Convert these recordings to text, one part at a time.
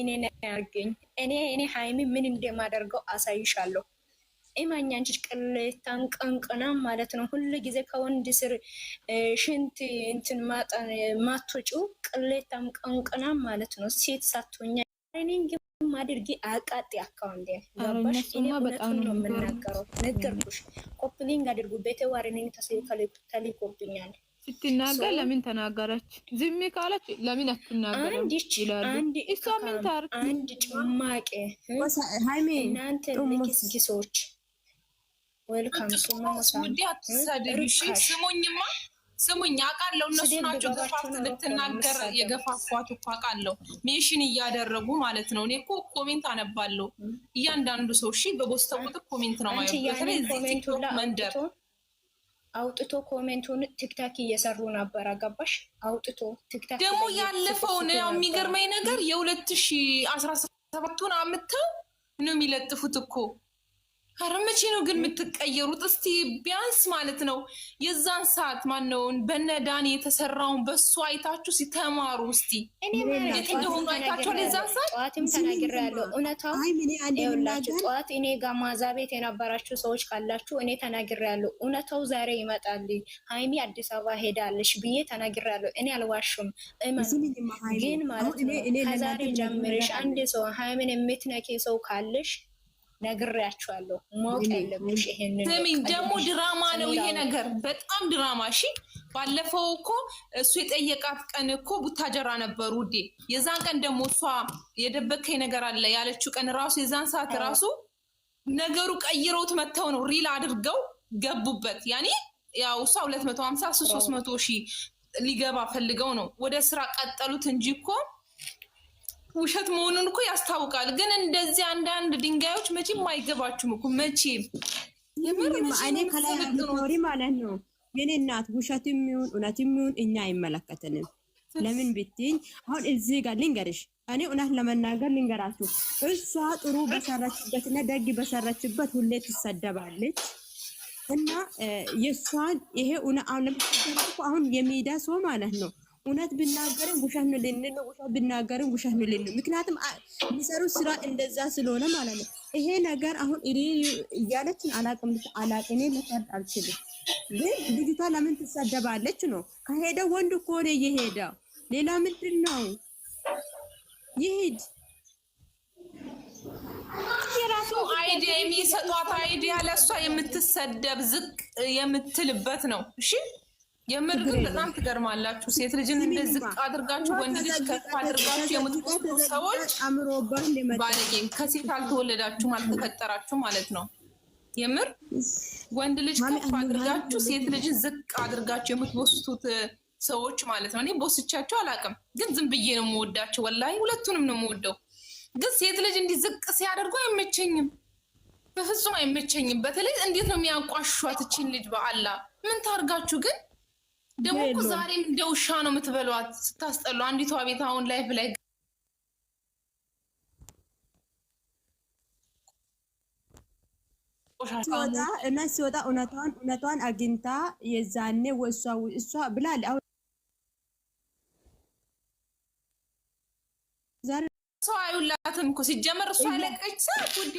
እኔ ያርገኝ። እኔ እኔ ሀይሚ ምን እንደማደርገው አሳይሻለሁ። እማኝ አንቺ ቅሌታን ቀንቅና ማለት ነው። ሁሉ ጊዜ ከወንድ ስር ሽንት እንትን ማትወጪ ቅሌታን ቀንቅና ማለት ነው። ሴት ሳትሆኛ ሬኒንግ ማድርጊ አቃጤ አካውንት ገባሽ? እኔ እውነቱን ነው የምናገረው። ነገርኩሽ። ኮፕሊንግ አድርጉ። ቤተ ዋሬኒንግ ተሰዩ ተሊኮብኛል ስትናገር ለምን ተናገረች? ዝም ካለች ለምን አትናገርም ይላሉ። እሷ ምን ታርክ? አንድ ጭማቂ ሃይሜ፣ እናንተ ልክስኪሶች ወልካም ስሙኝማ፣ ስሙኝ አውቃለሁ። እነሱ ናቸው ገፋፍ ልትናገር የገፋፏት እኮ አውቃለሁ። ሜሽን እያደረጉ ማለት ነው። እኔ እኮ ኮሜንት አነባለሁ። እያንዳንዱ ሰው እሺ፣ በቦስተው ቁጥር ኮሜንት ነው ማለት ነው። በተለይ እዚህ ቲክቶክ መንደር አውጥቶ ኮሜንቱን ትክታክ እየሰሩ ነበር። አገባሽ አውጥቶ ትክታክ ደግሞ ያለፈውን ያው የሚገርመኝ ነገር የሁለት ሺ አስራ ሰባቱን አምጥተው ነው የሚለጥፉት እኮ ኧረ መቼ ነው ግን የምትቀየሩት? እስቲ ቢያንስ ማለት ነው የዛን ሰዓት ማነውን በነ ዳኒ የተሰራውን በሱ አይታችሁ ሲተማሩ እስቲ እንዴት እንደሆኑ አይታችኋል። የዛን ሰዓት ተናግሬያለሁ። እውነታው ይኸውላችሁ፣ ጠዋት እኔ ጋር ማዛ ቤት የነበራችሁ ሰዎች ካላችሁ እኔ ተናግሬያለሁ። እውነታው ዛሬ ይመጣል። ሀይሚ አዲስ አበባ ሄዳለሽ ብዬ ተናግሬያለሁ። እኔ አልዋሹም። ግን ማለት ነው ከዛሬ ጀምርሽ አንድ ሰው ሀይሚን የምትነኪ ሰው ካለሽ ነግሬያቸዋለሁ። ማወቅ ያለብሽ ይሄንን ስሚኝ። ደግሞ ድራማ ነው ይሄ ነገር፣ በጣም ድራማ። እሺ ባለፈው እኮ እሱ የጠየቃት ቀን እኮ ቡታጀራ ነበሩ ውዴ። የዛን ቀን ደግሞ እሷ የደበከኝ ነገር አለ ያለችው ቀን ራሱ የዛን ሰዓት ራሱ ነገሩ ቀይረውት መጥተው ነው ሪል አድርገው ገቡበት። ያኔ ያው እሷ ሁለት መቶ ሀምሳ ሶስት መቶ ሺህ ሊገባ ፈልገው ነው ወደ ስራ ቀጠሉት እንጂ እኮ ውሸት መሆኑን እኮ ያስታውቃል። ግን እንደዚህ አንዳንድ ድንጋዮች መቼም አይገባችሁም እኮ መቼም እኔ ከላይ ሪ ማለት ነው። የኔ እናት ውሸት የሚሆን እውነት የሚሆን እኛ አይመለከትንም። ለምን ብትኝ አሁን እዚህ ጋር ልንገርሽ፣ እኔ እውነት ለመናገር ልንገራችሁ፣ እሷ ጥሩ በሰራችበት እና ደግ በሰራችበት ሁሌ ትሰደባለች እና የእሷን ይሄ አሁን ለምሳሌ አሁን የሚዲያ ሰው ማለት ነው እውነት ብናገርም ውሸት ነው ልንል፣ ውሸት ብናገርም ውሸት ነው ልንል። ምክንያቱም የሚሰሩ ስራ እንደዛ ስለሆነ ማለት ነው። ይሄ ነገር አሁን እኔ እያለችን አላቅም አላቅኔ ልፈርድ አልችልም። ግን ልጅቷ ለምን ትሰደባለች ነው? ከሄደ ወንድ እኮ ሆነ እየሄደ ሌላ ምንድን ነው? ይሂድ የራሱ አይዲያ የሚሰጧት አይዲያ ለእሷ የምትሰደብ ዝቅ የምትልበት ነው። እሺ የምር በጣም ትገርማላችሁ። ሴት ልጅን እንደ ዝቅ አድርጋችሁ ወንድ ልጅ ከፍ አድርጋችሁ የምትቆጡ ሰዎች ባለጌ፣ ከሴት አልተወለዳችሁም አልተፈጠራችሁ ማለት ነው። የምር ወንድ ልጅ ከፍ አድርጋችሁ ሴት ልጅን ዝቅ አድርጋችሁ የምትወስቱት ሰዎች ማለት ነው። እኔ ቦስቻቸው አላውቅም፣ ግን ዝም ብዬ ነው የምወዳቸው። ወላሂ ሁለቱንም ነው የምወደው፣ ግን ሴት ልጅ እንዲህ ዝቅ ሲያደርጉ አይመቸኝም፣ በፍጹም አይመቸኝም። በተለይ እንዴት ነው የሚያንቋሿት እችን ልጅ በአላ ምን ታርጋችሁ ግን ደግሞ እኮ ዛሬም እንደ ውሻ ነው የምትበሏት፣ ስታስጠሉ። አንዲቷ ቤት አሁን ላይፍ ላይ እና ሲወጣ እውነቷን እውነቷን አግኝታ የዛኔ ወሷ እሷ ብላል። አሁን ሰው አይውላትም እኮ ሲጀመር እሷ የለቀች ሰዓት ውዴ፣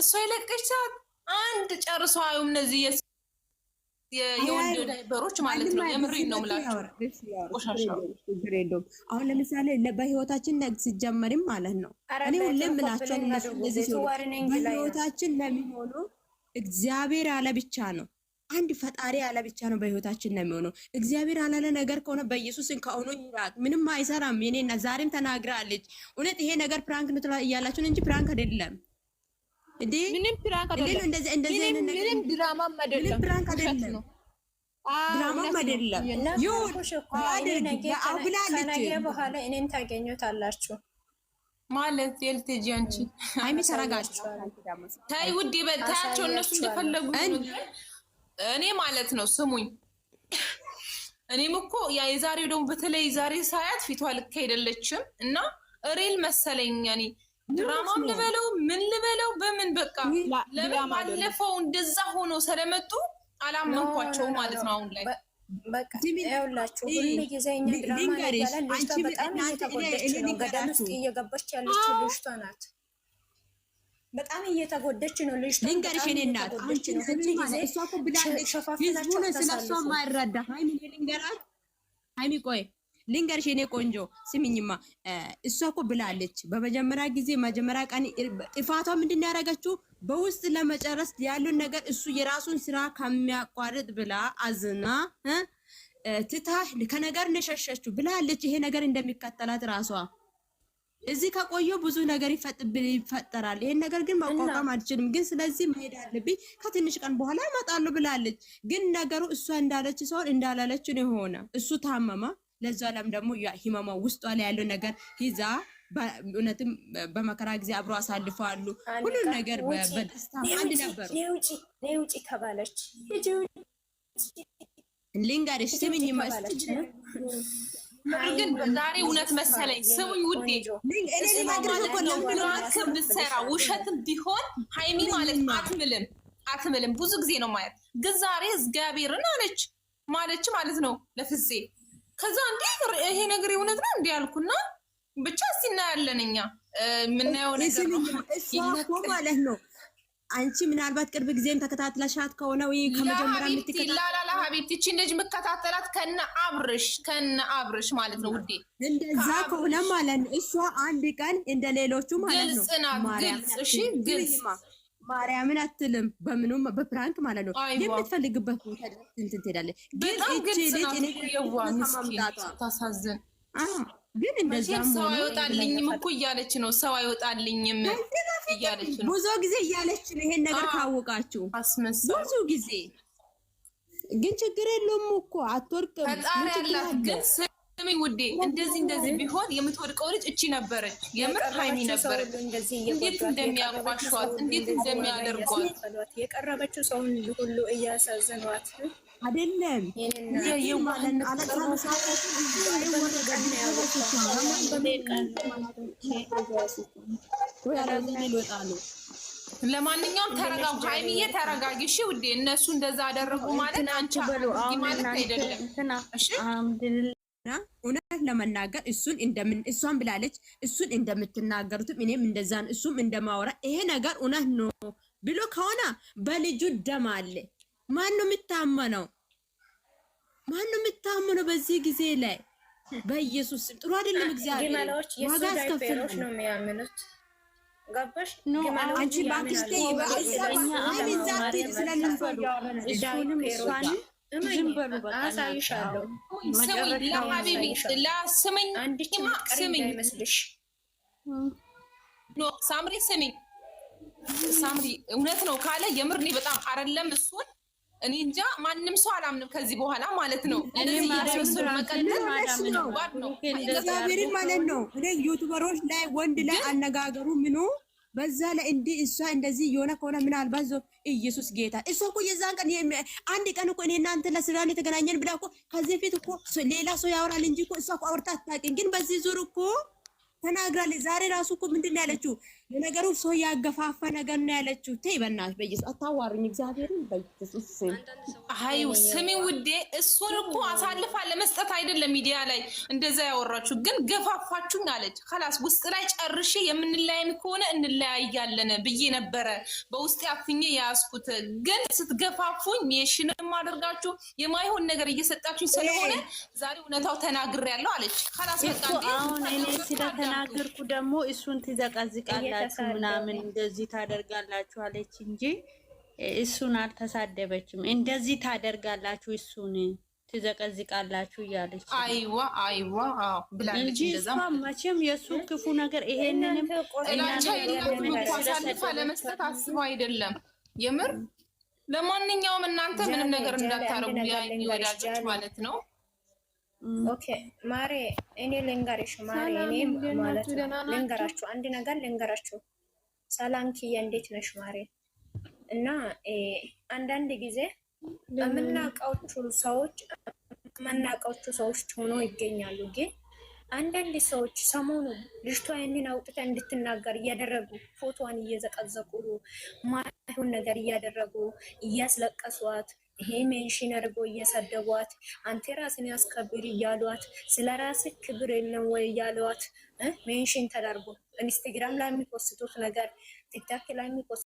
እሷ የለቀች ሰዓት አንድ ጨርሰው አዩም እነዚህ የወንድ ዳይበሮች ማለት ነው። የምሬን ነው የምላቸው። አሁን ለምሳሌ በህይወታችን ነግ ሲጀመርም ማለት ነው እኔ ሁሌም ምላቸው በህይወታችን ለሚሆኑ እግዚአብሔር ያለ ብቻ ነው አንድ ፈጣሪ ያለ ብቻ ነው በህይወታችን ነው የሚሆነው። እግዚአብሔር ያላለ ነገር ከሆነ በኢየሱስ ከሆኑ ይራቅ፣ ምንም አይሰራም። የኔና ዛሬም ተናግራለች። እውነት ይሄ ነገር ፕራንክ ነው እያላችሁን እንጂ ፕራንክ አይደለም። ምንም ፕራንክ አይደለም። አይደለም። ፕራንክ አይደለም። አይደለም። ከነገ በኋላ እኔን ታገኙታላችሁ ማለት አንቺ ታይ በታያቸው እነሱ እንደፈለጉ እኔ ማለት ነው። ስሙኝ እኔም እኮ ያ የዛሬው ደግሞ በተለይ ዛሬ ሳያት ፊቷ ልክ አይደለችም እና ሬል መሰለኝ ድራማም ልበለው ምን ልበለው በምን በቃ ለምን ባለፈው እንደዛ ሆኖ ስለመጡ አላመንኳቸው ማለት ነው። አሁን ላይ በጣም እየተጎደች ነው ልጅቷ። ልንገርሽ የእኔ እናት አንቺ ሁሉ እሷ እኮ ማይረዳ ሀይሚ ልንገራት ሀይሚ ቆይ ልንገርሽ የኔ ቆንጆ ስሚኝማ፣ እሷ እኮ ብላለች በመጀመሪያ ጊዜ መጀመሪያ ቀን ጥፋቷ ምንድን ያደረገችው በውስጥ ለመጨረስ ያለውን ነገር እሱ የራሱን ስራ ከሚያቋርጥ ብላ አዝና ትታ ከነገር ነሸሸችው ብላለች። ይሄ ነገር እንደሚከተላት ራሷ እዚህ ከቆየ ብዙ ነገር ይፈጠራል። ይሄን ነገር ግን መቋቋም አልችልም፣ ግን ስለዚህ መሄድ አለብኝ፣ ከትንሽ ቀን በኋላ እመጣለሁ ብላለች። ግን ነገሩ እሷ እንዳለች ሰውን ነው የሆነ እሱ ታመማ ለዛ ለም ደግሞ ህመማ ውስጧ ላይ ያለው ነገር ይዛ እውነትም በመከራ ጊዜ አብሮ አሳልፈዋሉ። ሁሉ ነገር በደስታ አንድ ነበሩ። ውጭ ተባለች ልንገርሽ ስምኝ ግን ዛሬ እውነት መሰለኝ። ስሙኝ ውዴ፣ ለምንማክር ብትሰራ ውሸትም ቢሆን ሀይሚ ማለት አትምልም አትምልም። ብዙ ጊዜ ነው ማለት ግን ዛሬ እግዚአብሔርን አለች ማለች ማለት ነው ከዛ እንዲ ይሄ ነገር የእውነት ነው እንዲ ያልኩና ብቻ ሲናያለን እኛ የምናየው ነገር ነው ማለት ነው። አንቺ ምናልባት ቅርብ ጊዜም ተከታትለሻት ከሆነ ወይ ከመጀመሪያ የምትከታተል ላላላ ሀቢብቲ እቺ ልጅ የምከታተላት ከነ አብርሽ ከነ አብርሽ ማለት ነው ውዴ። እንደዛ ከሆነ ማለት ነው እሷ አንድ ቀን እንደ ሌሎቹ ማለት ነው ግልጽ ናት። ግልጽ እሺ ግልጽ ማርያምን አትልም። በምኑም በፕራንክ ማለት ነው የምትፈልግበት ቦታ እንትን ትሄዳለች። ግን እቺ ልጅ ታሳዝን ግን እንደዛም ሰው አይወጣልኝም እኮ እያለች ነው። ሰው አይወጣልኝም እያለች ብዙ ጊዜ እያለች ነው። ይሄን ነገር ካወቃችሁ ብዙ ጊዜ ግን ችግር የለውም እኮ አትወርቅም። ግን ስሚ ውዴ፣ እንደዚህ እንደዚህ ቢሆን የምትወድቀው ልጅ እቺ ነበረች፣ የምር ሀይሚ ነበረች። እንዴት እንደሚያቋሿት እንዴት እንደሚያደርጓት የቀረበችው ሰውን ሁሉ እያሳዘኗት አይደለም ለማንኛውም ተረጋጉ፣ ሀይሚዬ ተረጋጊ። እሺ ውዴ፣ እነሱ እንደዛ አደረጉ ማለት አንቺ ማለት አይደለም። እሺ እውነት ለመናገር እሱን እንደምን እሷን ብላለች እሱን እንደምትናገሩትም እኔም እንደዛን እሱም እንደማወራ ይሄ ነገር እውነት ነው ብሎ ከሆነ በልጁ ደም አለ። ማን ነው የምታመነው? ማን ነው የምታመነው? በዚህ ጊዜ ላይ በኢየሱስ ጥሩ አይደለም። እግዚአብሔር ዋጋ አስከፍል ነው የሚያምኑት። ገባሽ? አንቺ ባክስቴ ይባል ስለሚዛት እሱንም እሷንም አሳይሻለሁ። ሳምሪ ስሚኝ ሳምሪ እውነት ነው ካለ የምር እኔ በጣም አረለም እሱን እኔ እንጃ ማንም ሰው አላምንም ከዚህ በኋላ ማለት ነው። መቀጠል ነው ማለት ነው። እኔ ዩቱበሮች ላይ ወንድ ላይ አነጋገሩ ምኑ በዛ ላይ እንዲህ እሷ እንደዚህ የሆነ ከሆነ ምናልባት ዞ ኢየሱስ ጌታ እሷ እኮ የዛን ቀን አንድ ቀን እኮ እኔ እናንተ ለስራን የተገናኘን ብላ እኮ ከዚህ ፊት እኮ ሌላ ሰው ያወራል እንጂ እኮ እሷ እኮ አውርታ አታውቅም። ግን በዚህ ዙር እኮ ተናግራለች። ዛሬ ራሱ እኮ ምንድን ነው ያለችው? የነገሩ ሰው ያገፋፋ ነገር ነው ያለችው። ተይ በእናትሽ በኢየሱስ አታዋርኝ። እግዚአብሔርን በኢየሱስ አዩ ስሚ ውዴ፣ እሱን እኮ አሳልፋ ለመስጠት አይደለም ሚዲያ ላይ እንደዛ ያወራችሁ፣ ግን ገፋፋችሁኝ አለች። ከላስ ውስጥ ላይ ጨርሼ የምንለያይን ከሆነ እንለያያለን ብዬ ነበረ በውስጤ አፍኜ የያዝኩት፣ ግን ስትገፋፉኝ የሽንም አድርጋችሁ የማይሆን ነገር እየሰጣችሁኝ ስለሆነ ዛሬ እውነታው ተናግሬያለሁ አለች። ከላስ በቃ ከተናገርኩ ደግሞ እሱን ትዘቀዝቃላችሁ ምናምን እንደዚህ ታደርጋላችሁ አለች እንጂ እሱን አልተሳደበችም። እንደዚህ ታደርጋላችሁ እሱን ትዘቀዝቃላችሁ እያለች አይዋ አይዋ እንጂ እሷ መቼም የእሱ ክፉ ነገር ይሄንንም ሳልፋ ለመስጠት አስበው አይደለም። የምር ለማንኛውም እናንተ ምንም ነገር እንዳታረጉ ወዳጆች ማለት ነው። ኦኬ ማሬ፣ እኔ ልንገርሽ ማሬ፣ እኔ ማለት ነው ልንገራችሁ፣ አንድ ነገር ልንገራችሁ። ሰላም ኪያ፣ እንዴት ነሽ ማሬ? እና አንዳንድ ጊዜ የምናውቃዎቹ ሰዎች የምናውቃዎቹ ሰዎች ሆኖ ይገኛሉ። ግን አንዳንድ ሰዎች ሰሞኑ ልጅቷ ያንን አውጥታ እንድትናገር እያደረጉ ፎቶዋን እየዘቀዘቁ ማይሆን ነገር እያደረጉ እያስለቀሷት ይሄ ሜንሽን አድርጎ እየሰደቧት አንተ ራስን ያስከብር እያሏት ስለ ራስ ክብር የለም ወይ እያሏት ሜንሽን ተደርጎ ኢንስታግራም ላይ የሚፖስቱት ነገር ቲክታክ ላይ የሚፖስ